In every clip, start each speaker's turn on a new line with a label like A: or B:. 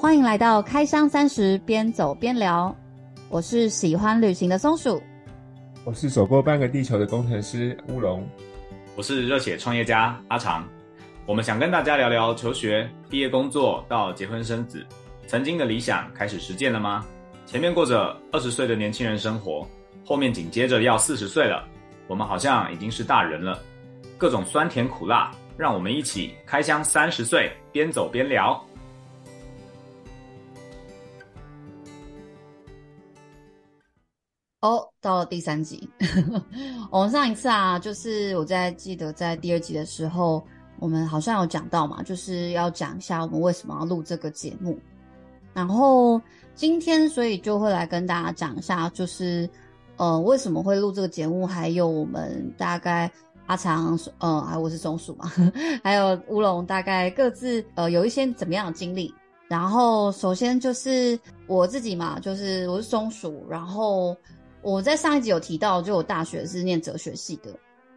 A: 歡迎來到開箱三十，邊走邊聊。我是喜歡旅行的松鼠，
B: 我是走過半個地球的工程師烏龍，
C: 我是熱血創業家阿長。我們想跟大家聊聊求學、畢業、工作到結婚生子，曾經的理想開始實踐了嗎？前面過着二十歲的年輕人生活，後面緊接着要四十歲了。我們好像已經是大人了，各種酸甜苦辣，讓我們一起開箱三十歲，邊走邊聊。
A: 哦、oh，到了第三集。我 們、哦、上一次啊，就是我在記得在第二集的時候，我們好像有講到嘛，就是要講一下我們為什麼要錄這個節目。然後今天，所以就會來跟大家講一下，就是呃為什麼會錄這個節目，還有我們大概阿長，呃，還有我是松鼠嘛，還有烏龍，大概各自呃有一些怎麼樣的經歷。然後首先就是我自己嘛，就是我是松鼠，然後。我在上一集有提到，就我大學是念哲學系的，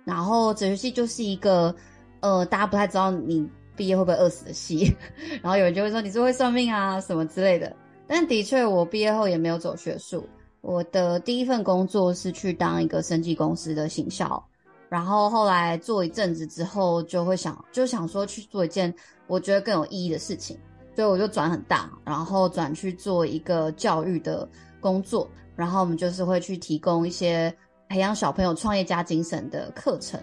A: 然後哲學系就是一個，呃，大家不太知道你畢業會不會餓死的系。然後有人就會說，你是會算命啊什麼之類的。但的確，我畢業後也沒有走學術，我的第一份工作是去當一個生技公司的行銷，然後後來做一陣子之後，就會想就想說去做一件我覺得更有意義的事情，所以我就轉很大，然後轉去做一個教育的工作。然後我們就是會去提供一些培養小朋友創業家精神的課程，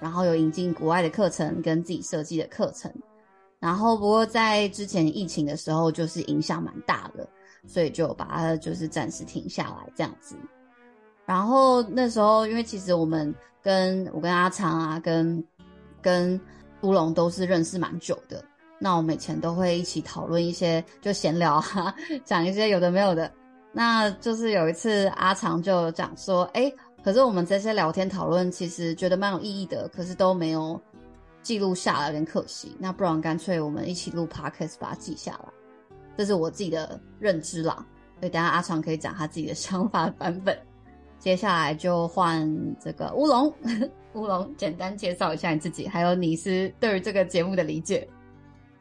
A: 然後有引進國外的課程跟自己設計的課程，然後不過在之前疫情的時候就是影響蠻大的，所以就把它就是暫時停下來這樣子。然後那時候因為其實我們跟我跟阿長啊，跟跟烏龍都是認識蠻久的，那我們以前都會一起討論一些就閒聊啊，講一些有的沒有的。那就是有一次阿長就講說，哎、欸，可是我們這些聊天討論其實覺得蠻有意義的，可是都沒有記錄下來，有點可惜。那不然乾脆我們一起錄 Podcast 把它記下來，這是我自己的認知啦。所以等下阿長可以講他自己的想法的版本。接下來就換這個烏龍，烏龍，簡單介紹一下你自己，還有你是對於這個節目的理解。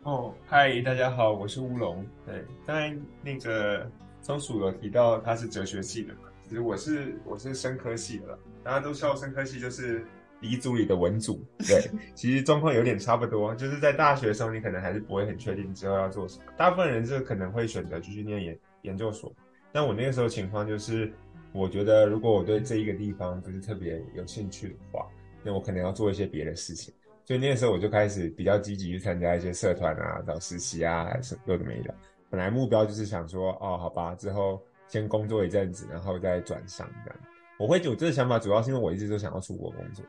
B: 哦，嗨，大家好，我是烏龍，對，在那個。松鼠有提到他是哲學系的嘛？其實我是我是生科系的啦，大家都笑生科系就是理組裡的文組。對， 其實狀況有點差不多，就是在大學的時候，你可能還是不會很確定之後要做什麼。大部分人是可能會選擇繼續念研研究所，但我那個時候情況就是，我覺得如果我對這一個地方不是特別有興趣的話，那我可能要做一些別的事情。所以那個時候我就開始比較積極去參加一些社團啊，找實習啊，還是又怎麼樣本來目標就是想說，哦，好吧，之後先工作一陣子，然後再轉商這樣。我會有這個想法主要是因為我一直都想要出國工作，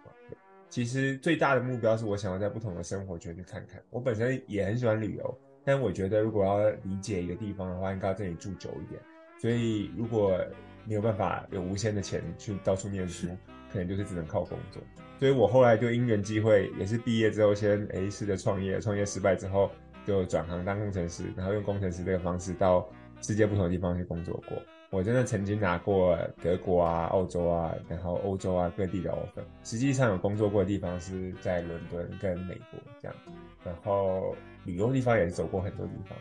B: 其實最大的目標是我想要在不同的生活圈去看看。我本身也很喜歡旅遊，但我覺得如果要理解一個地方的話，應該在這裡住久一點。所以，如果你有辦法有無限的錢去到處念書，可能就是只能靠工作。所以我後來就因緣機會，也是畢業之後先 A 市的創業，創業失敗之後。就轉行當工程師，然後用工程師這個方式到世界不同的地方去工作過。我真的曾經拿過德國啊、澳洲啊，然後歐洲啊各地的 offer。實際上有工作過的地方是在倫敦跟美國這樣。然後旅遊的地方也是走過很多地方。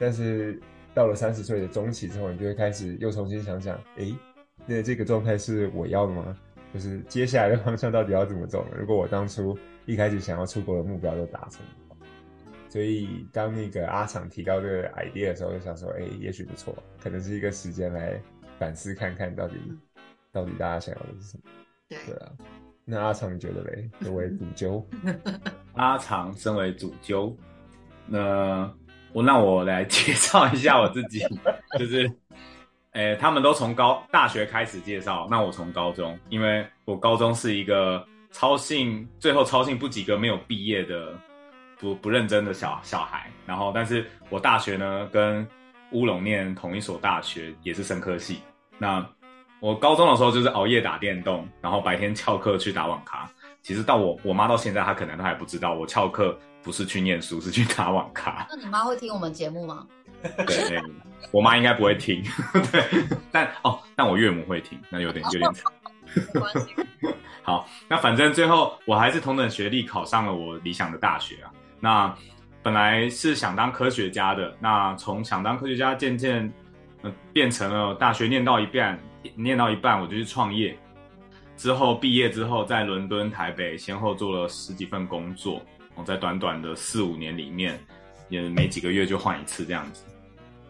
B: 但是到了三十歲的中期之後，你就會開始又重新想想：哎、欸，那這個狀態是我要的嗎？就是接下來的方向到底要怎麼走呢？如果我當初一開始想要出國的目標都達成了。所以，當那個阿長提到這個 idea 的時候，我就想說：“哎、欸，也許不錯，可能是一個時間來反思看看到底到底大家想要的是什麼。”對啊，那阿長你覺得嘞？作為主揪， 阿長身為主揪，
C: 那我那我來介紹一下我自己， 就是，哎、欸，他們都從高大學開始介紹，那我從高中，因為我高中是一個操行，最後操行不及格，沒有畢業的。不不認真的小小孩，然後，但是我大學呢，跟烏龍念同一所大學，也是生科系。那我高中的時候就是熬夜打電動，然後白天翹課去打網咖。其實到我我媽到現在，她可能都還不知道我翹課不是去念書，是去打網咖。
A: 那你媽會聽我們節目嗎？對，
C: 我媽應該不會聽。 對，但哦，但我岳母會聽，那有點有點慘。 好，那反正最後我還是同等學歷考上了我理想的大學啊。那本來是想當科學家的，那從想當科學家漸漸，呃，變成了大學念到一半，念到一半我就去創業。之後畢業之後，在倫敦、台北先後做了十幾份工作。我在短短的四五年裡面，也沒幾個月就換一次這樣子。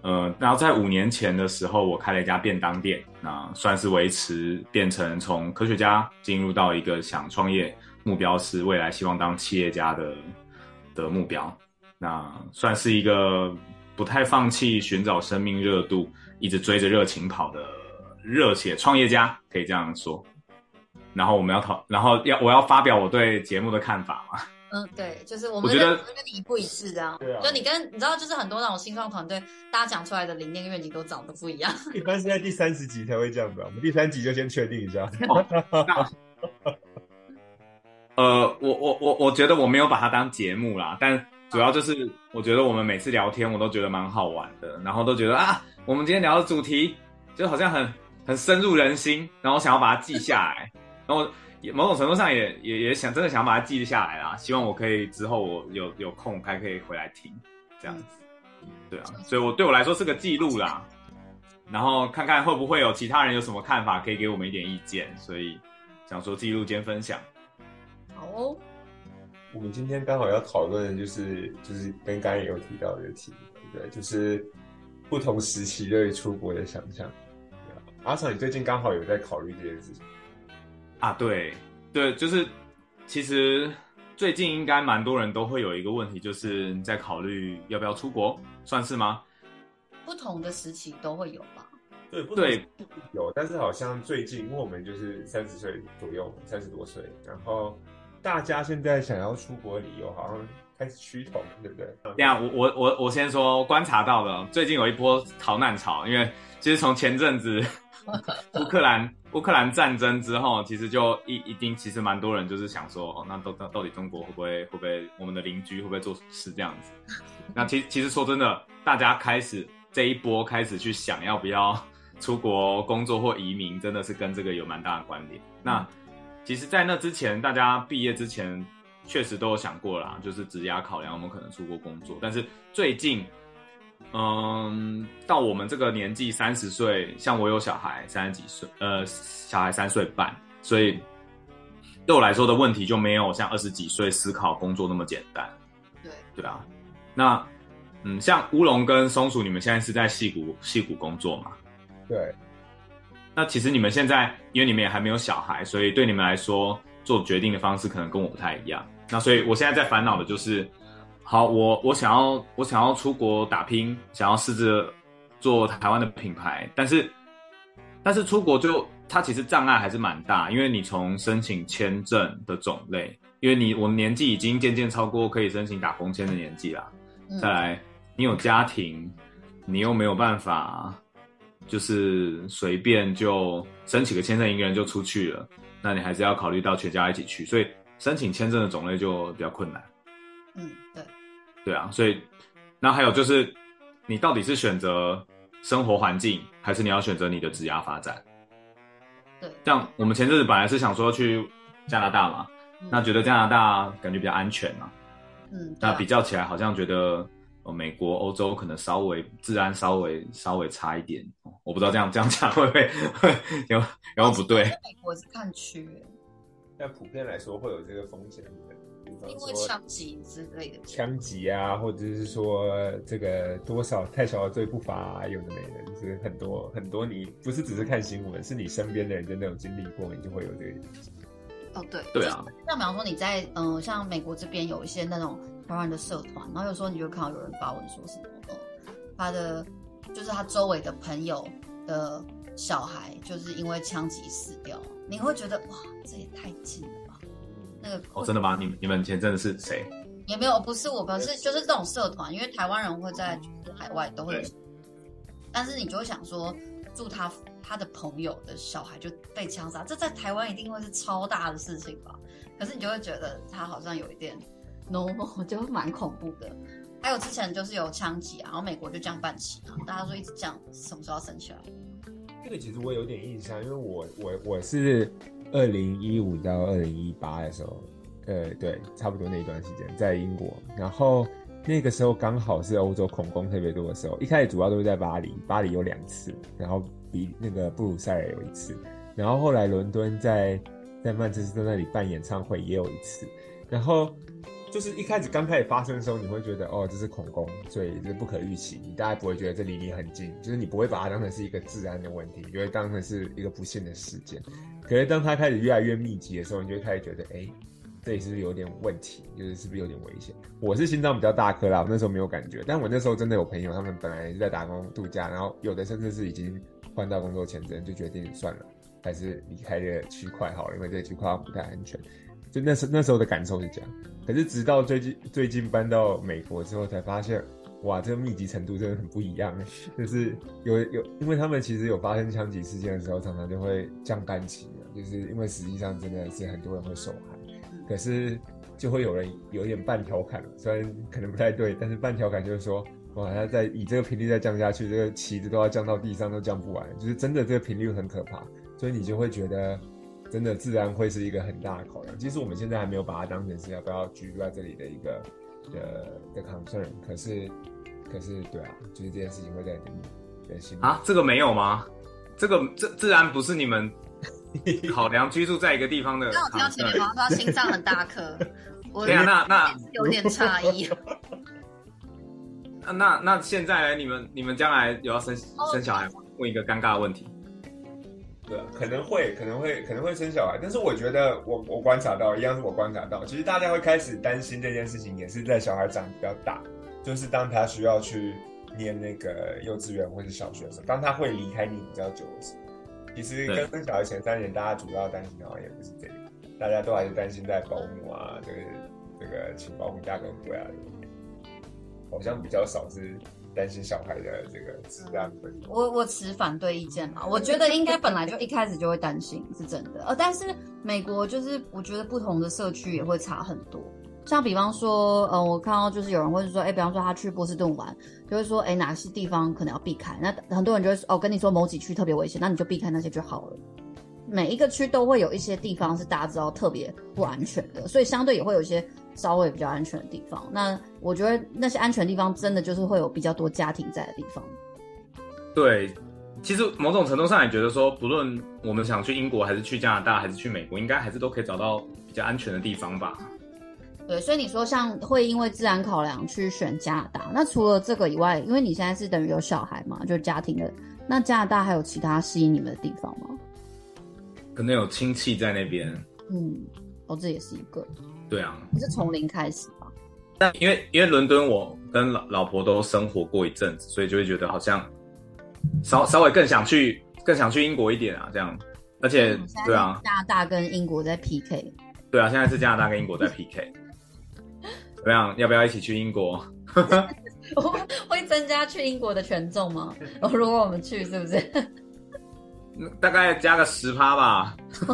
C: 呃，然後在五年前的時候，我開了一家便當店，那算是維持變成從科學家進入到一個想創業目標是未來希望當企業家的。的目標，那算是一個不太放棄尋找生命熱度，一直追着熱情跑的熱血創業家，可以這樣說。然後我們要討，然後要我要發表我對節目的看法嘛？嗯，
A: 對，就是我們我覺得跟你不一致啊這樣。對啊，就你跟你知道，就是很多那種新創團隊，大家講出來的理念願景都長得不一樣。
B: 一般是在第三十集才會這樣吧？我們第三集就先確定一下。
C: 呃，我我我我覺得我沒有把它當節目啦，但主要就是我覺得我們每次聊天，我都覺得蠻好玩的，然後都覺得啊，我們今天聊的主題就好像很很深入人心，然後想要把它記下來，然後某種程度上也也也想真的想要把它記下來啦，希望我可以之後我有有空我還可以回來聽這樣子，對啊，所以我對我來說是個記錄啦，然後看看會不會有其他人有什麼看法，可以給我們一點意見，所以想說記錄兼分享。
B: 哦、oh.，我們今天剛好要討論、就是，就是就是跟剛才有提到的題，對，就是不同時期對出國的想象。阿長，你最近剛好有在考慮這件事情啊？對對，就
C: 是其實最近應該蠻多人都會有一個問題，就是你在考慮要不要出國，算是嗎？
A: 不同的時期都會有吧？
C: 對不對？
B: 有，但是好像最近，因為我們就是三十歲左右，三十多歲，然後。大家現在想要出國旅遊，好像開始趨同，對不對？等
C: 一下，我我我我先說我觀察到的，最近有一波逃難潮，因為其實從前陣子烏 克蘭烏克蘭戰爭之後，其實就一一定其實蠻多人就是想說，哦、那到到到底中國會不會會不會我們的鄰居會不會做事這樣子？ 那其實其實說真的，大家開始這一波開始去想要不要出國工作或移民，真的是跟這個有蠻大的關聯。那。嗯其實，在那之前，大家畢業之前確實都有想過啦，就是職業考量我們可能出國工作。但是最近，嗯，到我們這個年紀三十歲，像我有小孩三十幾歲，呃，小孩三歲半，所以對我來說的問題就沒有像二十幾歲思考工作那麼簡單。對對啊，那嗯，像烏龍跟松鼠，你們現在是在矽谷矽谷工作嗎？對。那其實你們現在，因為你們也還沒有小孩，所以對你們來說做決定的方式可能跟我不太一樣。那所以，我現在在煩惱的就是，好，我我想要我想要出國打拼，想要試着做台灣的品牌，但是但是出國就它其實障礙還是蠻大，因為你從申請簽證的種類，因為你我年紀已經漸漸超過可以申請打工簽的年紀啦。再來，你有家庭，你又沒有辦法。就是隨便就申請個簽證，一個人就出去了。那你還是要考慮到全家一起去，所以申請簽證的種類就比較困難。嗯，
A: 對。
C: 對啊，所以，那還有就是，你到底是選擇生活環境，還是你要選擇你的職業發展？對，對，像我們前陣子本來是想說去加拿大嘛，嗯，那覺得加拿大感覺比較安全嘛。嗯。啊，那比較起來，好像覺得。哦，美國、歐洲可能稍微治安稍微稍微差一點，哦，我不知道這樣這樣
B: 講會不會，然後不對，
A: 美國是看缺，但普遍來
B: 說會有這個風險，因為
A: 槍擊之類的，
B: 槍擊啊，或者是說這個多少太小的罪不罰，啊、有的沒的，就是很多很多你，你不是只是看新聞，是你身邊的人真的有經歷過，你就會有這個東西。
A: 哦，對，對啊，就是，那比方說你在嗯、呃，像美國這邊有一些那種。台灣的社團，然後有時候你就看到有人發文說什麼，他的就是他周圍的朋友的小孩就是因為槍擊死掉，你會覺得哇，這也太近了吧？那個哦，
C: 真的嗎？你你們前陣子是誰？
A: 也沒有，不是我朋友，不是，是，就是這種社團，因為台灣人會在海外都會，但是你就會想說，祝他他的朋友的小孩就被槍殺，這在台灣一定會是超大的事情吧？可是你就會覺得他好像有一點。no，我覺得蠻恐怖的。還有之前就是有槍擊啊，然後美國就降半旗啊。大家說一直這樣，什麼時候要升起來？
B: 這個其實我有點印象，因為我我我是二零一五到二零一八的時候，呃，對，差不多那一段時間在英國。然後那個時候剛好是歐洲恐攻特別多的時候。一開始主要都是在巴黎，巴黎有兩次，然後比那個布魯塞爾有一次，然後後來倫敦在在曼徹斯特那裡辦演唱會也有一次，然後。就是一開始剛開始發生的時候，你會覺得哦，這是恐攻，所以這是不可預期，你大概不會覺得這離你很近，就是你不會把它當成是一個治安的問題，你會當成是一個不幸的事件。可是當它開始越來越密集的時候，你就會開始覺得，哎、欸，這裡是不是有點問題？就是是不是有點危險？我是心臟比較大顆啦，我那時候沒有感覺，但我那時候真的有朋友，他們本來是在打工度假，然後有的甚至是已經換到工作簽證就決定，算了，還是離開這個區塊好了，因為這個區塊不太安全。就那時那時候的感受是這樣，可是直到最近最近搬到美國之後，才發現，哇，這個密集程度真的很不一樣。就是有有，因為他們其實有發生槍擊事件的時候，常常就會降半旗，就是因為實際上真的是很多人會受害，可是就會有人有點半調侃，雖然可能不太對，但是半調侃就是說，哇，他在以這個頻率再降下去，這個旗子都要降到地上都降不完，就是真的這個頻率很可怕，所以你就會覺得。真的自然會是一個很大的考量。其實我們現在還沒有把它當成是要不要居住在這裡的一個呃的，的 concern。可是，可是對啊，就是這件事情會在你在心裡啊，
C: 這個沒有嗎？這個這自然不是你們考量居住在一個地方的。那 我聽到前面好像說他
A: 心臟很大顆， 我覺得那那有
C: 點差異、 啊。那那那現在來你們你們將來有要生 生小孩嗎？問一個尷尬的問題。
B: 對可能會，可能會，可能會生小孩，但是我覺得我，我我觀察到，一樣是我觀察到，其實大家會開始擔心這件事情，也是在小孩長比較大，就是當他需要去念那個幼稚園或者是小學的時候，當他會離開你比較久的時候，其實跟小孩前三年，大家主要擔心的話，也不是這個，大家都還是擔心在保姆啊，就是這個請保姆價格貴啊，好像比較少是。擔心小孩的
A: 這個治安、嗯、我我持反對意見嘛。我覺得應該本來就一開始就會擔心，是真的。呃、哦，但是美國就是我覺得不同的社區也會差很多。像比方說，呃，我看到就是有人會說，哎、欸，比方說他去波士頓玩，就會說，哎、欸，哪些地方可能要避開？那很多人就會說哦，跟你說某幾區特別危險，那你就避開那些就好了。每一個區都會有一些地方是大家知道特別不安全的，所以相對也會有一些，稍微比較安全的地方，那我覺得那些安全的地方真的就是會有比較多家庭在的地方。
C: 對，其實某種程度上也覺得說，不論我們想去英國，還是去加拿大，還是去美國，應該還是都可以找到比較安全的地方吧。
A: 對，所以你說像會因為自然考量去選加拿大，那除了這個以外，因為你現在是等於有小孩嘛，就家庭的，那加拿大還有其他吸引你們的地方嗎？
C: 可能有親戚在那邊。嗯，
A: 哦，這也是一個。對啊，你是從零開始
C: 吧？但因為因為倫敦，我跟老老婆都生活過一陣子，所以就會覺得好像稍稍微更想去更想去英國一點啊，這樣。而且，嗯，對啊，
A: 加拿大跟英國在 PK。
C: 對啊，現在是加拿大跟英國在 PK。怎麼樣？要不要一起去英國？
A: 會增加去英國的權重嗎？ 如果我們去，是不是？
C: 大概加個十趴吧。十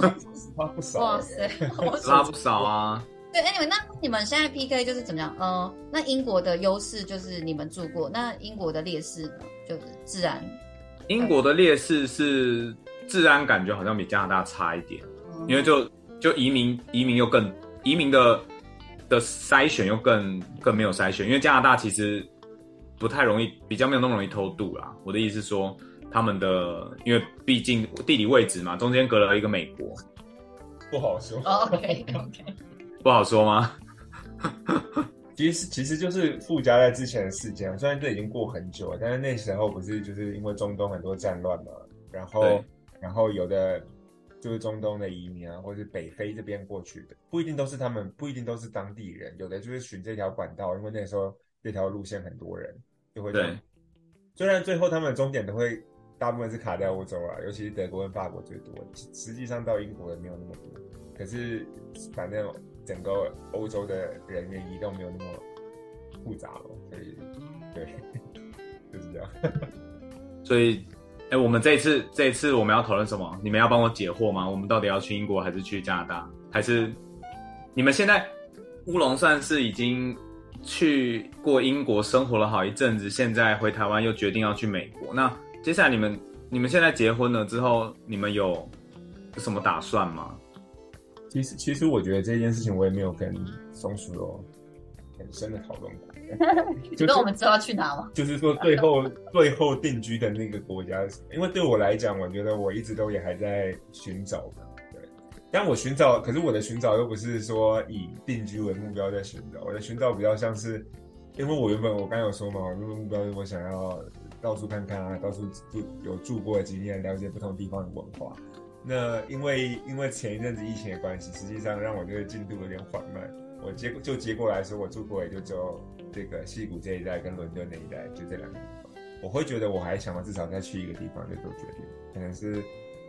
C: 趴不少。哇塞，十趴不少啊。
A: 對，哎，你們，那你們現在 PK 就是怎麼樣？嗯，那英國的優勢就是你們住過，那英國的劣勢呢？就是自然，
C: 英國的劣勢是自然感覺好像比加拿大差一點，嗯，因為就就移民移民又更移民的的篩選又更更沒有篩選，因為加拿大其實不太容易，比較沒有那麼容易偷渡啦。我的意思是說，他們的因為畢竟地理位置嘛，中間隔了一個美國，
B: 不好說。Oh, OK
C: OK。不
B: 好說嗎？ 其實其實就是附加在之前的事件，雖然這已經過很久了，但是那時候不是就是因為中東很多戰亂嘛，然後然後有的就是中東的移民啊，或是北非這邊過去的，不一定都是他們，不一定都是當地人，有的就是選這條管道，因為那時候這條路線很多人就會這樣，對，雖然最後他們的終點都會大部分是卡在歐洲啊，尤其是德國跟法國最多，實際上到英國的沒有那麼多，可是反正。整個歐洲的人員移動沒有那麼複雜了，所以，對，就是這樣。
C: 所以，哎、欸，我們這一次，這一次我們要討論什麼？你們要幫我解惑嗎？我們到底要去英國還是去加拿大？還是你們現在，烏龍算是已經去過英國生活了好一陣子，現在回台灣又決定要去美國。那接下來你們，你們現在結婚了之後，你們有，有什麼打算嗎？
B: 其實，其實我覺得這件事情，我也沒有跟松鼠有很深的討論過。 你我們
C: 知道我們
A: 要去哪嗎？
B: 就是，就是說，最後 最後定居的那個國家，因為對我來講，我覺得我一直都也還在尋找。對，但我尋找，可是我的尋找又不是說以定居為目標在尋找，我的尋找比較像是，因為我原本我剛有說嘛，我目標是我想要到處看看啊，到處住有住過的經驗，了解不同地方的文化。那因為因為前一陣子疫情的關係，實際上讓我這個進度有點緩慢。我結就結果來說，我住過也就只有這個矽谷這一帶跟倫敦那一帶，就這兩個地方。我會覺得我還想要至少再去一個地方就做、是、決定，可能是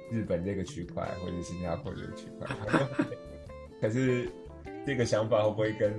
B: 日本這個區塊或者是新加坡這個區塊。 可是這個想法會不會跟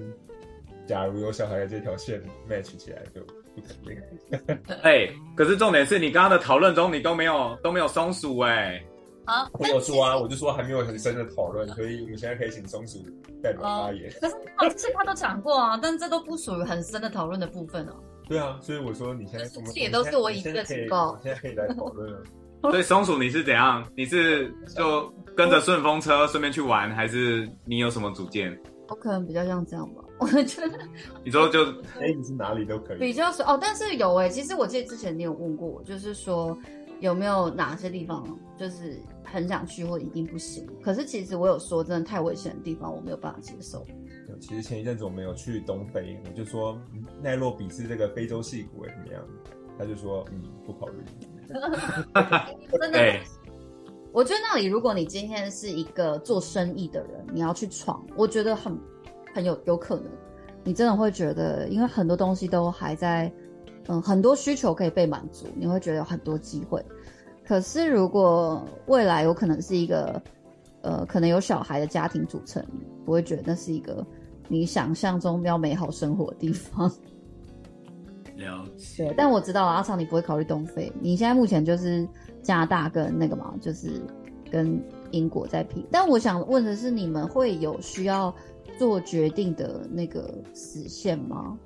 B: 假如有小孩的這條線 match 起來就不肯
C: 定哎，可是重點是你剛剛的討論中，你都沒有都沒有松鼠
B: 哎、欸。啊，我有說啊，我就說還沒有很深的討論，所以我們現在可以請松鼠代
A: 表發言。可、啊、是，可是他都講過啊， 但這都不屬於很深的討論的部分哦、啊。對啊，所以我
B: 說你現在什麼、就是、也都是我一個人在報，現在， 我現在可以來討論了。所以松鼠你
C: 是怎樣？你是就跟着順風車順便去玩，還是你有什麼主
B: 見？
A: 我可能比較像這樣吧，我
B: 覺得。你說就哎、欸，你是哪裡都可以。比
A: 較是哦，但是有哎、欸，其實我記得之前你有問過我，就是說有沒有哪些地方就是。很想去，或一定不行。可是其實我有說，真的太危險的地方，我沒有辦
B: 法接受。其實前一陣子我沒有去東非，我就說、嗯、奈洛比是這個非洲矽谷，怎麼樣？他就說，嗯，不考慮。真 的 ，
A: 我覺得那裡，如果你今天是一個做生意的人，你要去闖，我覺得很很有有可能，你真的會覺得，因為很多東西都還在，嗯，很多需求可以被滿足，你會覺得有很多機會。可是，如果未來有可能是一個，呃，可能有小孩的家庭組成，不會覺得那是一個你想象中比較美好生活的地方。了解。但我知道阿長、啊、你不會考慮東非。你現在目前就是加拿大跟那個嘛，就是跟英國在拼。但我想問的是，你們會有需要做決定的那個時限嗎？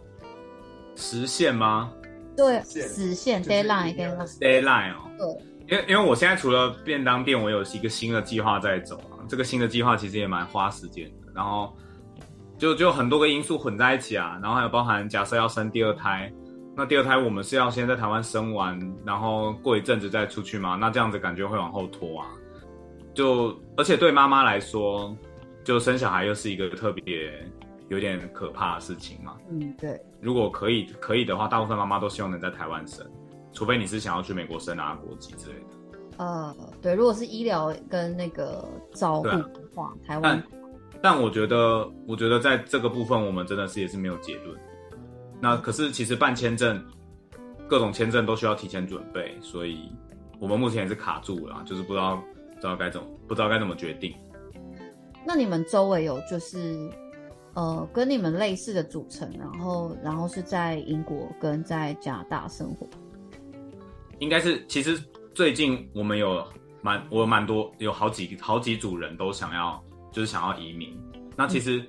C: 時限嗎？
A: 對，時限、就是、deadline，deadline
C: 哦，對。因因為我現在除了便當店，我有一個新的計劃在走啊。這個新的計劃其實也蠻花時間的，然後就就很多個因素混在一起啊。然後還有包含假設要生第二胎，那第二胎我們是要先在台灣生完，然後過一陣子再出去嘛？那這樣子感覺會往後拖啊。就而且對媽媽來說，就生小孩又是一個特別有點可怕的事情嘛。嗯，對。如果可以可以的話，大部分媽媽都希望能在台灣生。除非你是想要去美國生拿國籍之類
B: 的，呃，
A: 對，如果是醫療跟那個招呼的話，啊、台灣。
C: 但我覺得，我覺得在這個部分，我們真的是也是沒有結論。那可是，其實辦簽證，各種簽證都需要提前準備，所以我們目前也是卡住了，就是不知道，不知道該怎麼，不知道該怎麼決定。
A: 那你們周圍有就是，呃，跟你們類似的組成，然後，然後是在英國跟在加拿大生活。
C: 應該是，其實最近我們有蠻，我有蠻多，有好幾好幾組人都想要，就是想要移民。那其實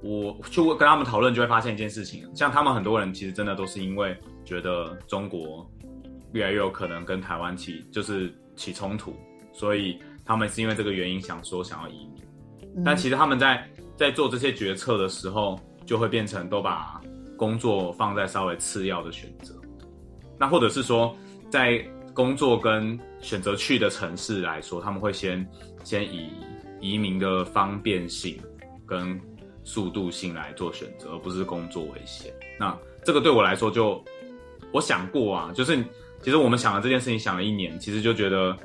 C: 我去跟他們討論，就會發現一件事情，像他們很多人其實真的都是因為覺得中國越來越有可能跟台灣起，就是起衝突，所以他們是因為這個原因想說想要移民。嗯、但其實他們在在做這些決策的時候，就會變成都把工作放在稍微次要的選擇，那或者是說。在工作跟選擇去的城市來說，他們會先先以移民的方便性跟速度性來做選擇，而不是工作為先。那這個對我來說就，就我想過啊，就是其實我們想了這件事情，想了一年，其實就覺得，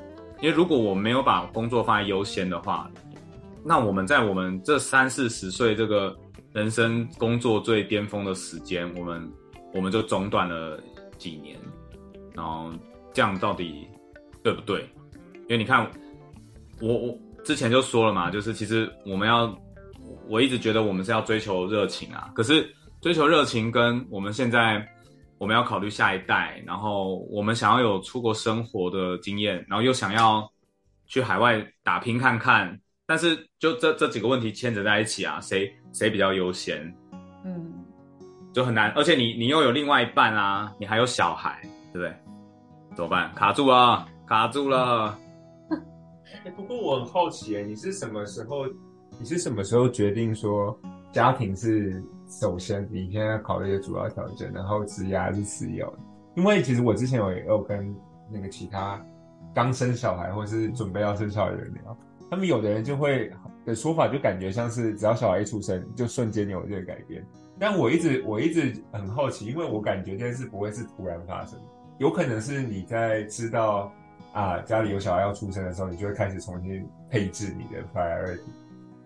C: 因為如果我沒有把工作放在優先的話，那我們在我們這三四十歲這個人生工作最巔峰的時間，我們我們就中斷了幾年。然後這樣到底對不對？因為你看，我我之前就說了嘛，就是其實我們要，我一直覺得我們是要追求熱情啊。可是追求熱情跟我們現在我們要考慮下一代，然後我們想要有出國生活的經驗，然後又想要去海外打拼看看，但是就這這幾個問題牽扯在一起啊，誰誰比較優先？嗯，就很難。而且你你又有另外一半啊，你還有小孩，對不對？怎麼辦？卡住啊，卡住了。
B: 哎、 欸，不過我很好奇，哎，你是什麼時候？你是什麼時候決定說家庭是首先你現在要考慮的主要條件，然後職業還是次要？因為其實我之前有有跟那個其他剛生小孩或是準備要生小孩的人聊，他們有的人就會的說法，就感覺像是只要小孩一出生，就瞬間有這個改變。但我一直我一直很好奇，因為我感覺這件事不會是突然發生的。有可能是你在知道啊家裡有小孩要出生的時候，你就會開始重新配置你的 priority。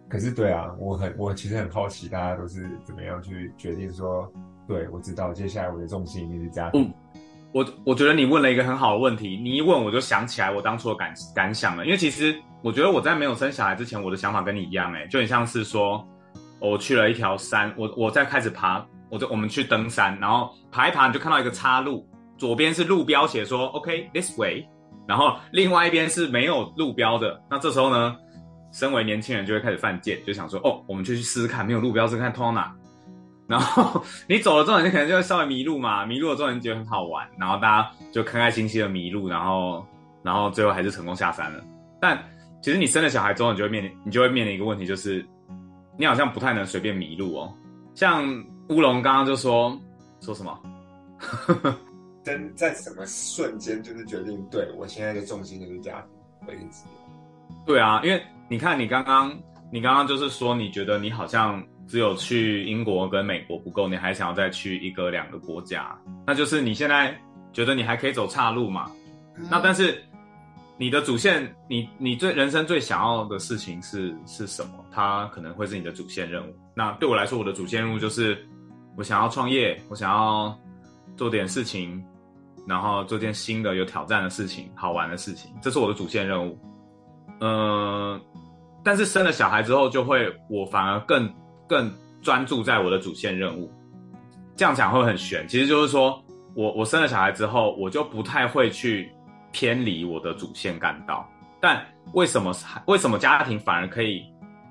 B: 可是，對啊，我很我其實很好奇，大家都是怎麼樣去決定說，對我知道接下來我的重心一定是家庭。嗯，我
C: 我覺得你問了一個很好的問題，你一問我就想起來我當初的感感想了。因為其實我覺得我在沒有生小孩之前，我的想法跟你一樣、欸，誒，就很像是說，我去了一條山，我我在開始爬，我就我們去登山，然後爬一爬你就看到一個岔路。左邊是路標寫說 “OK this way”，然後另外一邊是沒有路標的。那這時候呢，身為年輕人就會開始犯賤，就想說：“哦，我們就去試試看，沒有路標是看通哪”。然後你走了之後，你可能就會稍微迷路嘛。迷路了之後，你覺得很好玩，然後大家就開開心心的迷路，然後，然後最後還是成功下山了。但其實你生了小孩之後你，你就會面臨你就會面臨一個問題，就是你好像不太能隨便迷路哦。像烏龍剛剛就說說什麼？呵 呵
B: 但在什麼瞬間就
C: 是決定對我現在的重心就是家庭。對啊，因為你看你剛剛你剛剛就是說你覺得你好像只有去英國跟美國不夠，你還想要再去一個兩個國家，那就是你現在覺得你還可以走岔路嘛？嗯，那但是你的主線，你你最人生最想要的事情是是什麼？它可能會是你的主線任務。那對我來說，我的主線任務就是我想要創業，我想要。做點事情，然後做件新的、有挑戰的事情、好玩的事情，這是我的主線任務。嗯、呃，但是生了小孩之後，就會我反而更更專注在我的主線任務。這樣講會很玄，其實就是說我我生了小孩之後，我就不太會去偏離我的主線幹道。但為什麼為什麼家庭反而可以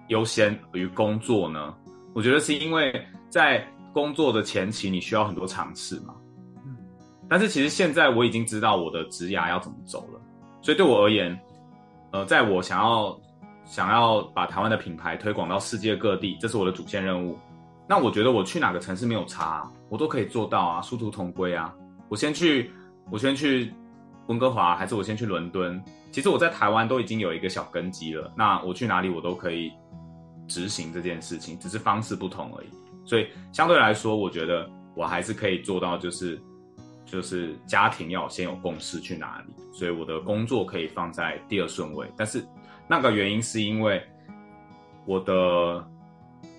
C: 優先於工作呢？我覺得是因為在工作的前期，你需要很多嘗試嘛。但是其實現在我已經知道我的職涯要怎麼走了，所以對我而言，呃，在我想要想要把台灣的品牌推廣到世界各地，這是我的主線任務。那我覺得我去哪個城市沒有差啊，我都可以做到啊，殊途同歸啊。我先去，我先去溫哥華，還是我先去倫敦？其實我在台灣都已經有一個小根基了，那我去哪裡我都可以執行這件事情，只是方式不同而已。所以相對來說，我覺得我還是可以做到，就是。就是家庭要有先有共識去哪裡，所以我的工作可以放在第二順位。但是那個原因是因為我的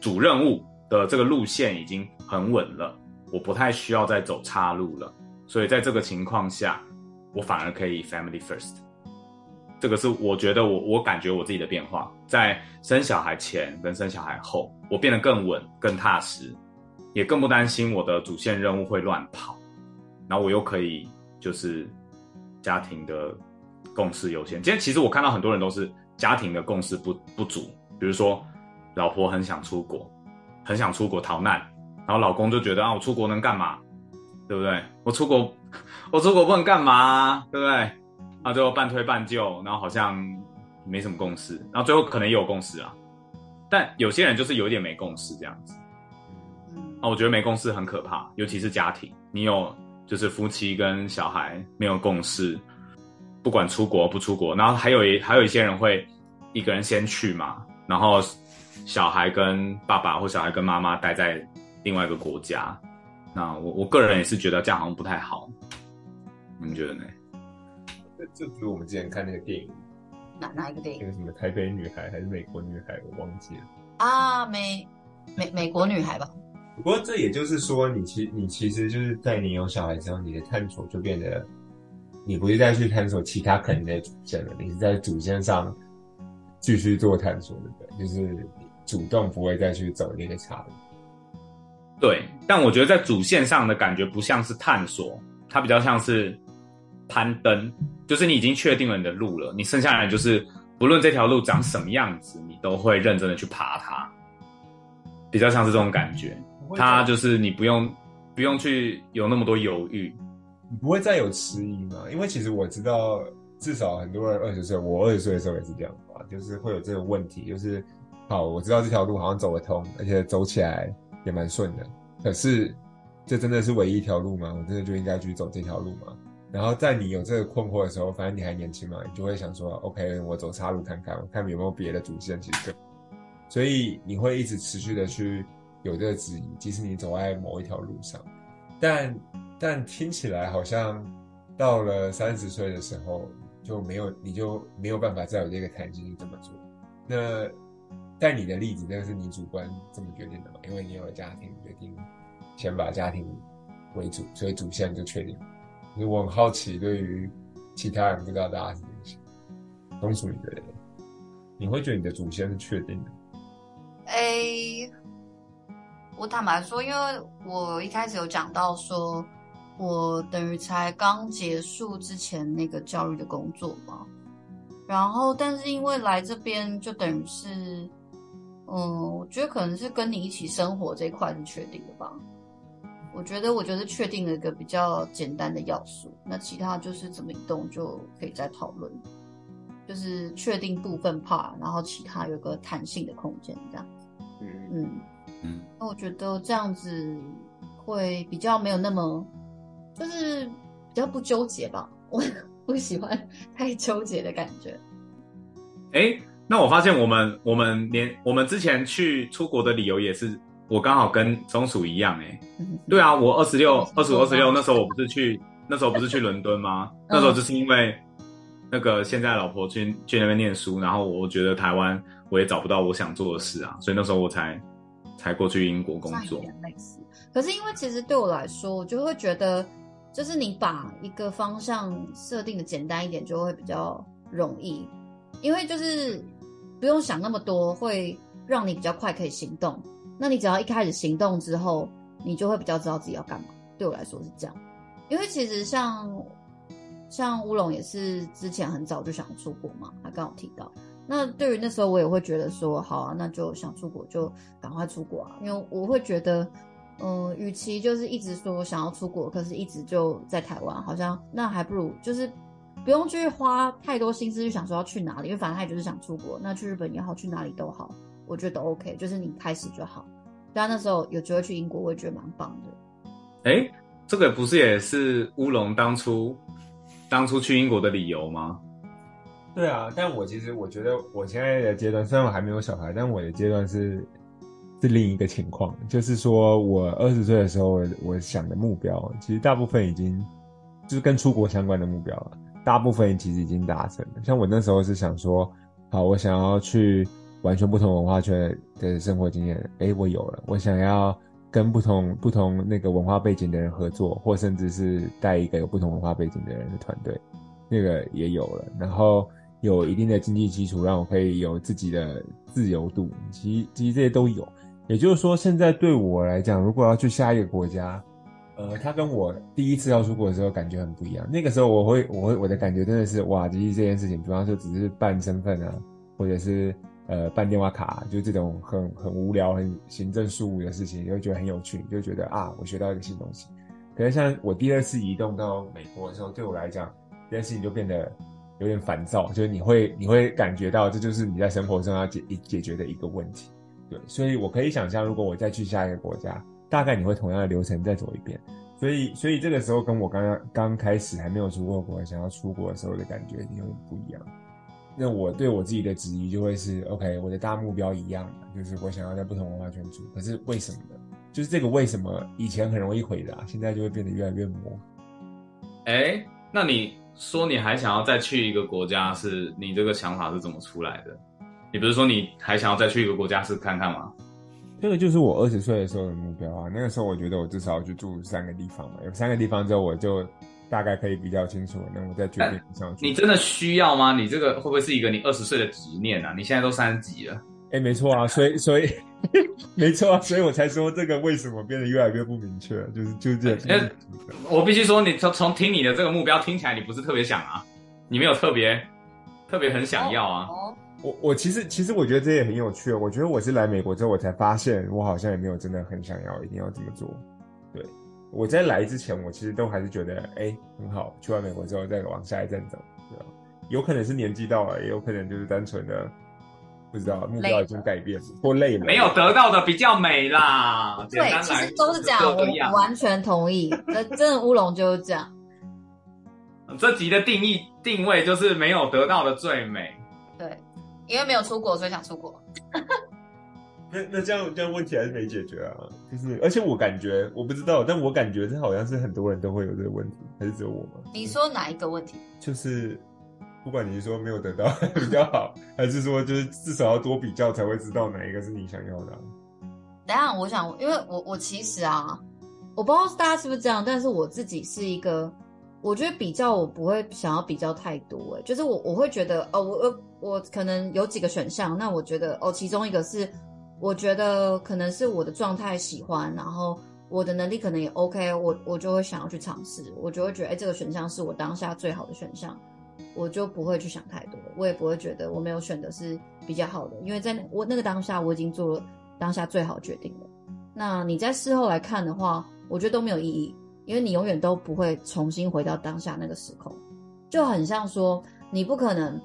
C: 主任務的這個路線已經很穩了，我不太需要再走岔路了。所以在這個情況下，我反而可以 family first。這個是我覺得我我感覺我自己的變化，在生小孩前跟生小孩後，我變得更穩、更踏實，也更不擔心我的主線任務會亂跑。然後我又可以，就是家庭的共識優先。今天其實我看到很多人都是家庭的共識不不足，比如說老婆很想出國，很想出國逃難，然後老公就覺得啊，我出國能幹嘛？對不對？我出國，我出國不能幹嘛？對不對？那最後半推半就，然後好像沒什麼共識。然後最後可能也有共識啊，但有些人就是有一點沒共識這樣子。啊，我覺得沒共識很可怕，尤其是家庭，你有。就是夫妻跟小孩沒有共識，不管出國不出國，然後還有一還有一些人會一個人先去嘛，然後小孩跟爸爸或小孩跟媽媽待在另外一個國家。那我我個人也是覺得這樣好像不
B: 太好。你們覺得呢？就就比如我們之前看那個電影，哪哪一個電影？那個什麼台北女孩還是美國女孩，我忘記
A: 了啊，美美美國女孩吧。
B: 不過這也就是說，你其你其實就是在你有小孩之後，你的探索就變得，你不是再去探索其他可能的主線了，你是在主線上繼續做探索，對不對？就是主動不會再去走那個岔路。
C: 對，但我覺得在主線上的感覺不像是探索，它比較像是攀登，就是你已經確定了你的路了，你剩下來就是不論這條路長什麼樣子，你都會認真的去爬它，比較像是這種感覺。他就是你不用，不用去有那麼多猶豫，
B: 你不會再有遲疑嘛？因為其實我知道，至少很多人二十歲，我二十歲的時候也是這樣子，就是會有這個問題，就是好，我知道這條路好像走得通，而且走起來也蠻順的。可是，這真的是唯一一條路嗎？我真的就應該去走這條路嗎？然後在你有這個困惑的時候，反正你還年輕嘛，你就會想說，OK，我走岔路看看，我看有沒有別的主線。其實對，所以你會一直持續的去有這個質疑，即使你走在某一條路上，但但聽起來好像到了三十歲的時候就沒有，你就沒有辦法再有這個彈性去這麼做。那但你的例子那是你主觀這麼決定的嘛？因為你有了家庭，決定先把家庭為主，所以主線就確定了。所以我很好奇，對於其他人不知道大家是怎麼想，公叔你覺得你會覺得你的主線是確定的
A: ？A。欸我坦白說，因為我一開始有講到說，我等於才剛結束之前那個教育的工作嘛，然後但是因為來這邊就等於是，嗯，我覺得可能是跟你一起生活這一塊是確定的吧。我覺得我覺得確定了一個比較簡單的要素，那其他就是怎麼移動就可以再討論，就是確定部分 part，然後其他有個彈性的空間這樣。嗯，嗯。嗯，那我覺得這樣子會比較沒有那麼，就是比較不糾結吧。我不喜歡太糾結的感覺。
C: 哎、欸，那我發現我們我們連我們之前去出國的理由也是我剛好跟松鼠一樣哎、欸嗯。對啊，我二十六，二十五、二十六那時候我不是去那時候不是去倫敦嗎、嗯？那時候就是因為那個現在老婆去去那邊念書，然後我覺得台灣我也找不到我想做的事啊，所以那時候我才。才過去英國工作，
A: 可是因為其實對我來說，我就會覺得，就是你把一個方向設定的簡單一點，就會比較容易，因為就是不用想那麼多，會讓你比較快可以行動。那你只要一開始行動之後，你就會比較知道自己要幹嘛。對我來說是這樣，因為其實像像烏龍也是之前很早就想出國嘛，他剛好提到。那對於那時候我也會覺得說，好啊，那就想出國，就趕快出國啊，因為我會覺得，嗯，與其就是一直說想要出國，可是一直就在台灣，好像那還不如就是不用去花太多心思去想說要去哪裡，因為反正他也就是想出國，那去日本也好，去哪裡都好，我覺得都 OK，就是你開始就好。但那時候有機會去英國，我也覺得蠻棒的。
C: 哎、欸，這個不是也是烏龍當初當初去英國的理由嗎？
B: 對啊，但我其實我覺得我現在的階段，雖然我還沒有小孩，但我的階段是是另一個情況，就是說我二十歲的時候我，我想的目標，其實大部分已經就是跟出國相關的目標了，大部分其實已經達成了。像我那時候是想說，好，我想要去完全不同文化圈的生活經驗，哎，我有了；我想要跟不同不同那個文化背景的人合作，或甚至是帶一個有不同文化背景的人的團隊，那個也有了，然後。有一定的經濟基礎，讓我可以有自己的自由度。其實，其實這些都有。也就是說，現在對我來講，如果要去下一個國家，呃，他跟我第一次要出國的時候感覺很不一樣。那個時候，我會，我會，我的感覺真的是哇，其實這件事情，比方說只是辦身份啊，或者是呃辦電話卡啊，就這種很很無聊、很行政事務的事情，就會覺得很有趣，就覺得啊，我學到一個新東西。可是像我第二次移動到美國的時候，對我來講，這件事情就變得。有點煩躁，就是你會你會感覺到這就是你在生活中要解解決的一個問題，對，所以我可以想象，如果我再去下一個國家，大概你會同樣的流程再走一遍。所以，所以這個時候跟我剛剛剛開始還沒有出過國，想要出國的時候的感覺你有點不一樣。那我對我自己的質疑就會是：OK，我的大目標一樣，就是我想要在不同文化圈住。可是為什麼呢？就是這個為什麼以前很容易回答，現在就會變得越來越模糊。哎、
C: 欸，那你？說你還想要再去一個國家，是你這個想法是怎麼出來的？你不是說你還想要再去一個國家是看看嗎？
B: 這個就是我二十歲的時候的目標啊。那個時候我覺得我至少要去住三個地方嘛，有三個地方之後我就大概可以比較清楚，那我再決定。你真
C: 的需要嗎？你這個會不會是一個你二十歲的執念啊？你現在都三十幾了。
B: 哎、欸，沒錯啊，所以所以 沒錯啊，所以我才說這個為什麼變得越來越不明確，就是糾結。哎、就是這個，欸、是
C: 我必須說你，你從從聽你的這個目標聽起來，你不是特別想啊，你沒有特別特別很想
B: 要啊。哦哦、我我其實其實我覺得這也很有趣啊。我覺得我是來美國之後，我才發現我好像也沒有真的很想要一定要這麼做。對，我在來之前，我其實都還是覺得哎、欸、很好，去完美國之後再往下一站走，對吧？有可能是年紀到了，也有可能就是單純的。不知道目標已經改變，我累，累了。沒有
C: 得到的比較美啦。對，
B: 其實
A: 都是這樣，都這樣，我完全同意。那 真的烏龍就是這樣。
C: 這集的定義定位就是沒有得到的最美。
A: 對，因為沒有出國，所以想出國。
B: 那那這樣這樣問題還是沒解決啊！就是，而且我感覺，我不知道，但我感覺這好像是很多人都會有這個問題，還是只有我嗎？
A: 你說哪一個問題？
B: 就是。不管你是說沒有得到的比較好，還是說就是至少要多比較才會知道哪一個是你想要的
A: 啊？等下我想，因為我我其實啊，我不知道大家是不是這樣，但是我自己是一個，我覺得比較我不會想要比較太多，哎，就是我我會覺得，哦，我我可能有幾個選項，那我覺得哦，其中一個是我覺得可能是我的狀態喜歡，然後我的能力可能也 OK，我我就會想要去嘗試，我就會覺得，哎，這個選項是我當下最好的選項。我就不會去想太多，我也不會覺得我沒有選擇是比較好的，因為在我那個當下，我已經做了當下最好決定了。那你在事後來看的話，我覺得都沒有意義，因為你永遠都不會重新回到當下那個時空，就很像說你不可能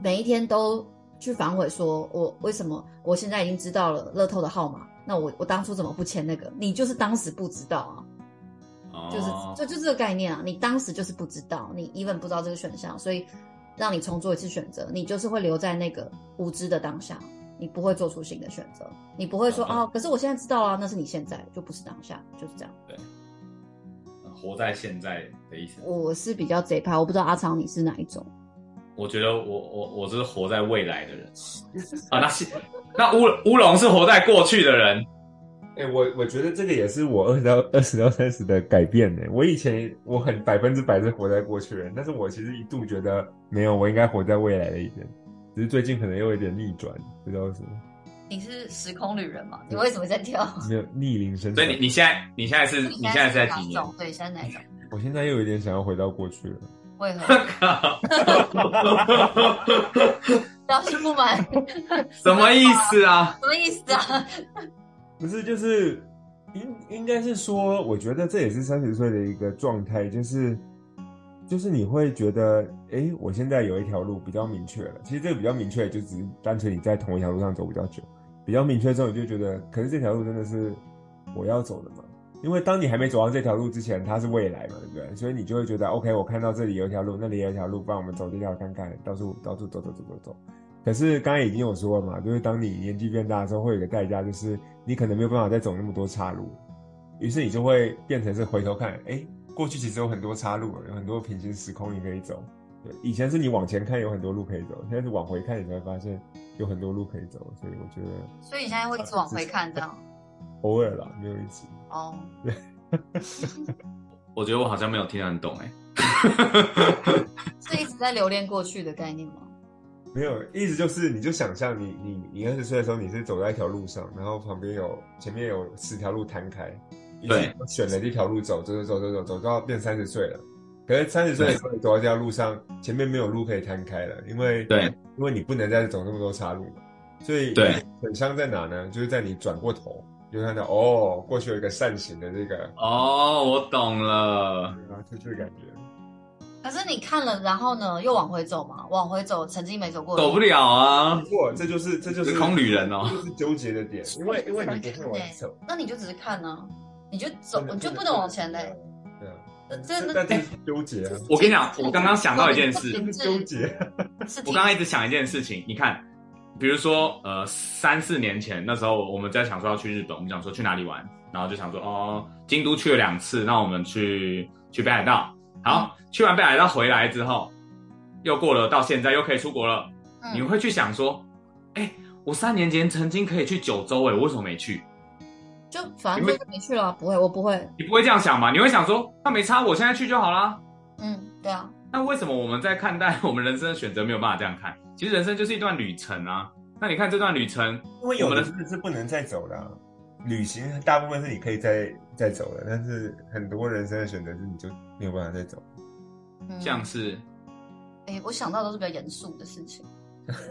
A: 每一天都去反悔說，說我為什麼我現在已經知道了樂透的號碼，那我我當初怎麼不簽那個？你就是當時不知道啊。
C: 就是就就
A: 這個概念啊,你當時就是不知道，你 even 不知道這個選項，所以讓你重做一次選擇，你就是會留在那個無知的當下，你不會做出新的選擇，你不會說嗯嗯啊，可是我現在知道啊，那是你現在就不是當下，就是這樣。
C: 對，活在現在的意
A: 思。我是比較賊怕，我不知道阿長你是哪一種。
C: 我覺得我我我是活在未來的人 啊，那那烏烏龍是活在過去的人。
B: 哎、欸，我我覺得這個也是我二十到二十到三十的改變呢。我以前我很百分之百是活在過去人，但是我其實一度覺得沒有，我應該活在未來的一點，只是最近可能又有點逆轉，不知道為什麼。你是時空旅人嗎、
A: 嗯？你為什麼在跳？
B: 沒有逆齡身體，所以你你現在你現在是你現在是在幾，你現在是哪種？
A: 對，現在哪種？
B: 我現在又有點想要回到過去了。
A: 為何？靠！表示不滿？什麼意思啊？ 什麼意思啊？
B: 不是，就是應應該是說，我覺得這也是三十歲的一個狀態，就是，就是你會覺得，哎、欸，我現在有一條路比較明確了。其實這個比較明確，就只是單純你在同一條路上走比較久，比較明確之後，你就覺得，可是這條路真的是我要走的嘛？因為當你還沒走上這條路之前，它是未來嘛，對不對？所以你就會覺得，OK，我看到這裡有一條路，那裡有一條路，不然我們走這條看看到處到處走走走走走。可是剛才已經有說了嘛，就是當你年紀變大的時候，會有一個代價，就是你可能沒有辦法再走那麼多岔路，於是你就會變成是回頭看，哎、欸，過去其實有很多岔路，有很多平行時空你可以走。對，以前是你往前看有很多路可以走，現在是往回看，你才會發現有很多路可以走。所以我覺得，所以你現在
A: 會一直往回看
B: 這樣？偶爾啦，沒有一直。哦、oh.，對， 我覺得我好像
C: 沒有聽很懂，哎 ，
A: 是一直在留戀過去的概念嗎？
B: 沒有，意思就是你就想象你你你二十歲的時候你是走在一條路上，然後旁邊有前面有十條路攤開，對，選了一條路走，走走走走走走，走到變三十歲了。可是三十歲的時候你走到這條路上，前面沒有路可以攤開了，因為對，因為你不能再走這麼多岔路，所以對，很像在哪呢？就是在你轉過頭就看到哦，過去有一個扇形的這個哦
C: ，oh, 我懂了，然
B: 後就這個感覺。
A: 可是你看了，然後呢？又往回走嘛。往回走，曾經沒走過，走不了啊！不，這就是這就是空旅
B: 人哦，這就是糾結的點。 因為因為，因為你看會 那
A: 你就只是看呢、啊， 你就走，嗯、你就不能往前的。
B: 對、嗯、啊，欸、這這糾結、啊、我跟你講、啊，我剛剛想到一件事，糾結、啊。我剛剛一直
C: 想一件事情，你看，比如說呃，三四年前那時候我們在想說要去日本，我們想說去哪裡玩，然後就想說哦，京都去了兩次，那我們去、嗯、去北海道。好、嗯，去完北海道回來之後，又過了到現在，又可以出國了。嗯、你會去想說，哎、欸，我三年前曾經可以去九州、欸，哎，我為什麼沒去？
A: 就反正就是沒去了、啊，不會，我不會。
C: 你不會這樣想嘛？你會想說，那沒差，我現在去就好啦。嗯，對啊。那為什麼我們在看待我們人生的選擇沒有辦法這樣看？其實人生就是一段旅程啊。那你看這段旅程，
B: 因為有的路是不能再走了、啊。旅行大部分是你可以在。再走了，但是很多人生的選擇是你就沒有辦法再走，
A: 像
B: 是，哎、欸，
A: 我想到都是比較嚴肅的事情，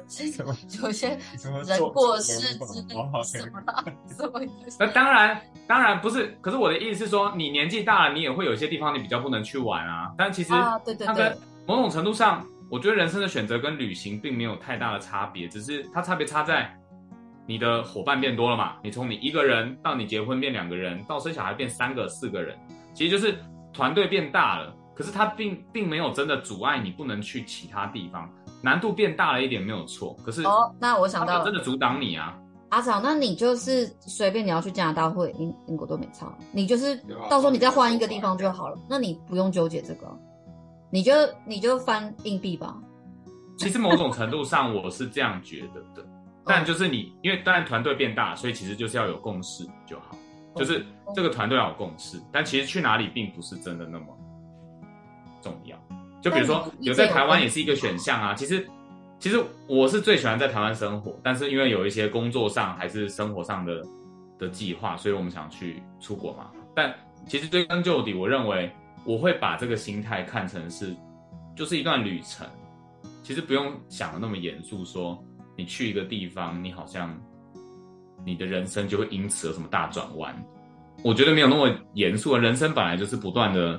A: 什麼
B: 有些人過世之類、
C: 啊，什麼、那、啊、當然，當然不是，可是我的意思是說，你年紀大了，你也會有一些地方你比較不能去玩啊。但其實，對對對、它、啊、跟某種程度上，我覺得人生的選擇跟旅行並沒有太大的差別，只是它差別差在。你的夥伴變多了嘛，你從你一個人到你結婚變兩個人，到生小孩變三個、四個人，其實就是團隊變大了。可是他並並沒有真的阻礙你不能去其他地方，難度變大了一點沒有錯。可是哦，那我想到他真的阻擋你啊，
A: 哦、阿長，那你就是隨便你要去加拿大會、或英英國都沒差，你就是到時候你再換一個地方就好了。那你不用糾結這個，你就你就翻硬幣吧。
C: 其實某種程度上，我是這樣覺得的。但就是你，因為當然團隊變大，所以其實就是要有共識就好。Okay. 就是這個團隊要有共識。但其實去哪裡並不是真的那麼重要。就比如說有在台灣也是一個選項啊。其實，其實我是最喜歡在台灣生活，但是因為有一些工作上還是生活上的的計劃，所以我們想去出國嘛。但其實追根究底，我認為我會把這個心態看成是就是一段旅程。其實不用想的那麼嚴肅說。你去一個地方，你好像，你的人生就會因此有什麼大轉彎？我覺得沒有那麼嚴肅，人生本來就是不斷的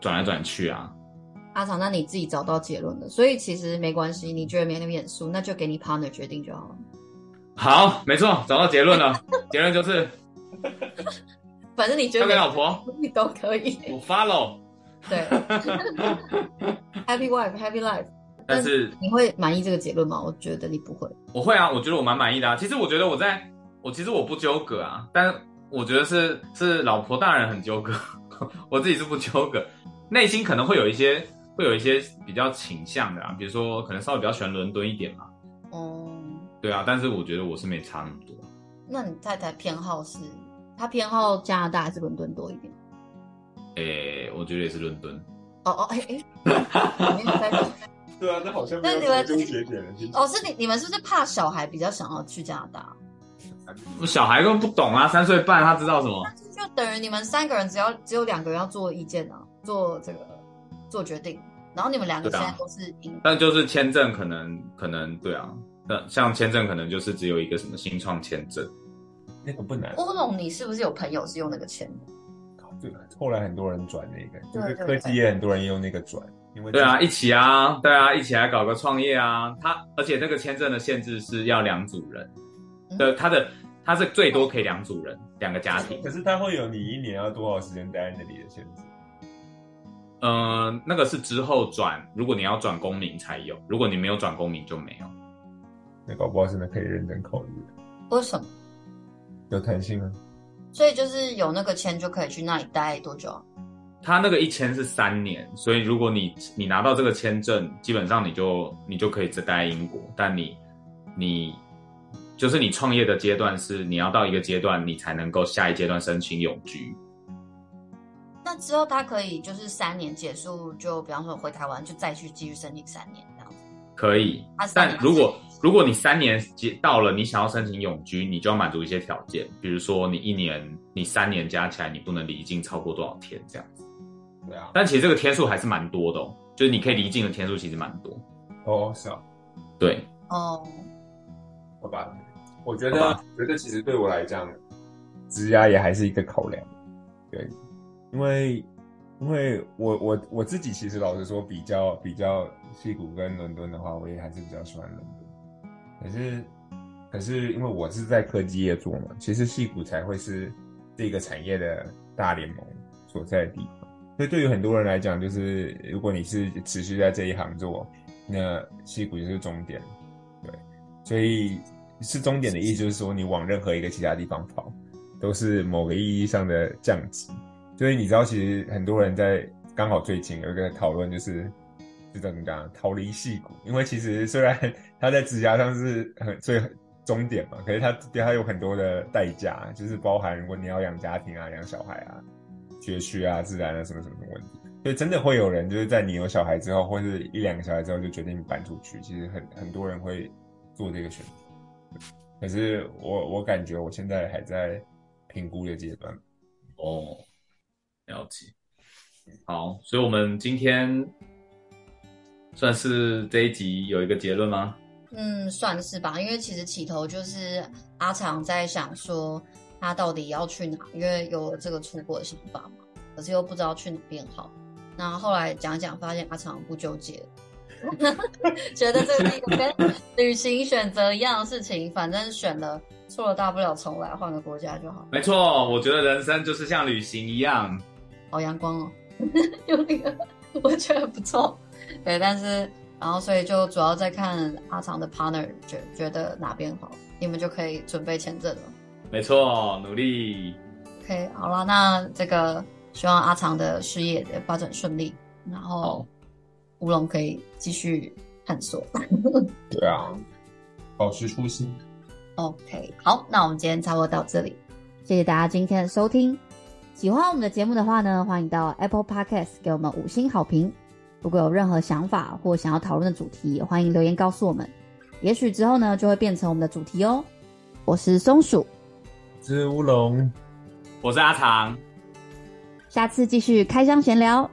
C: 轉來轉去啊。
A: 阿長，那你自己找到結論了，所以其實沒關係，你覺得沒那麼嚴肅，那就給你 partner 決定就好了。
C: 好，沒錯，找到結論了， 結論就是，
A: 反正你覺得給老婆你都可以，
C: 我 follow。
A: 對 ，Happy wife, happy life。但是，但是你會滿意這個結論嗎？我覺得你不會。
C: 我會啊，我覺得我蠻滿意的啊。其實我覺得我在，我其實我不糾葛啊。但我覺得是是老婆大人很糾葛， 我自己是不糾葛。內心可能會有一些會有一些比較傾向的啊，比如說可能稍微比較喜歡倫敦一點嘛。哦、嗯，對啊，但是我覺得我是沒差那麼多。
A: 那你太太偏好是她偏好加拿大還是倫敦多一點？哎、
C: 欸、我覺得也是倫敦。哦
A: 哦、哎、欸、哎。
B: 欸 對啊，那好像，那你們其實
A: 哦，是你你們是不是怕小孩比較想要去加拿大？
C: 小孩都不懂啊，三歲半，他知道什麼？
A: 就等於你們三個人只要只有兩個人要做意見啊，做這個做決定，然後你們兩個人現在都
C: 是贏、啊。但就是簽證可能可能對啊，那像簽證可能就是只有一個什麼新創簽證，那、欸、
A: 個不難。烏龍，你是不是有朋友是用那個簽的？
B: 後來很多人轉那個，就是科技業很多人用那個轉，因為對啊，
C: 一起啊，對啊，一起來搞個創業啊。他而且那個簽證的限制是要兩組人、嗯，對，他的他是最多可以兩組人，兩、嗯、個家庭。可
B: 是他會有你一年要多
C: 少時間待在那裡的限制？嗯、呃，那個是之後轉，如果你要轉公民才有，如果你沒有轉公民就沒有。
B: 那搞不好現在可以認真考慮。
A: 為什麼？
B: 有彈性啊。
A: 所以就是有那個簽就可以去那裡待多久？啊？
B: 他那個一簽是三
C: 年，所以如果你你拿到這個簽證，基本上你就你就可以直接待英國。但你你就是你創業的階段是你要到一個階段，你才能夠下一階段申請永居。
A: 那之後他可以就是三年結束，就比方說回台灣就再去繼續申請三年這樣
C: 子。可以，但如果。如果你三年到了，你想要申請永居，你就要滿足一些條件，比如說你一年、你三年加起來，你不能離境超過多少天這樣子。
B: 對啊。
C: 但其實這個天數還是蠻多的，哦，就是你可以離境的天數其實蠻多。
B: 哦，是啊。對。哦，啊。好吧。我覺得我，覺得其實對我來講，職涯也還是一個考量。對。因為，因為我我我自己其實老實說比較，比較比較硅谷跟倫敦的話，我也還是比較喜歡倫敦。可是，可是因為我是在科技業做嘛，其實矽谷才會是這個產業的大聯盟所在的地方。所以對於很多人來講，就是如果你是持續在這一行做，那矽谷就是終點。對，所以是終點的意思就是說，你往任何一個其他地方跑，都是某個意義上的降級。所以你知道，其實很多人在剛好最近有一個討論，就是。怎麼講，逃離矽谷？因為其實雖然他在指甲上是很最終點嘛，可是他對他有很多的代價，就是包含如果你要養家庭啊、養小孩啊、學區啊、自然啊什麼什麼的問題，所以真的會有人就是在你有小孩之後，或是一兩個小孩之後就決定搬出去。其實很很多人會做這個選擇，可是我我感覺我現在還在評估的階段哦。了解。好，所以
C: 我們今天，算是這一集有一個結論嗎？
A: 嗯，算是吧，因為其實起頭就是阿長在想說他到底要去哪，因為有了這個出國的想法嘛，可是又不知道去哪邊好。然後後來講講，發現阿長不糾結， 覺得這是一個跟旅行選擇一樣的事情，反正選了錯了，大不了重來，換個國家就好。
C: 沒錯，我覺得人生就是像旅行一樣，
A: 好陽光哦，有那個我覺得不錯。對，但是然後所以就主要在看阿長的 partner 覺得覺得哪邊好，你們就可以準備簽證了。
C: 沒錯，努力。
A: OK，好啦，那這個希望阿長的事業的發展順利，然後烏龍可以繼續探索。
B: 對啊，保持初心。
A: OK，好，那我們今天差不多到這裡，謝謝大家今天的收聽。喜歡我們的節目的話呢，歡迎到 Apple Podcast 給我們五星好評。如果有任何想法或想要討論的主題，也歡迎留言告訴我們，也許之後呢就會變成我們的主題喔。我是松鼠，
B: 是烏龍，
C: 我是阿長，
A: 下次繼續開箱閒聊。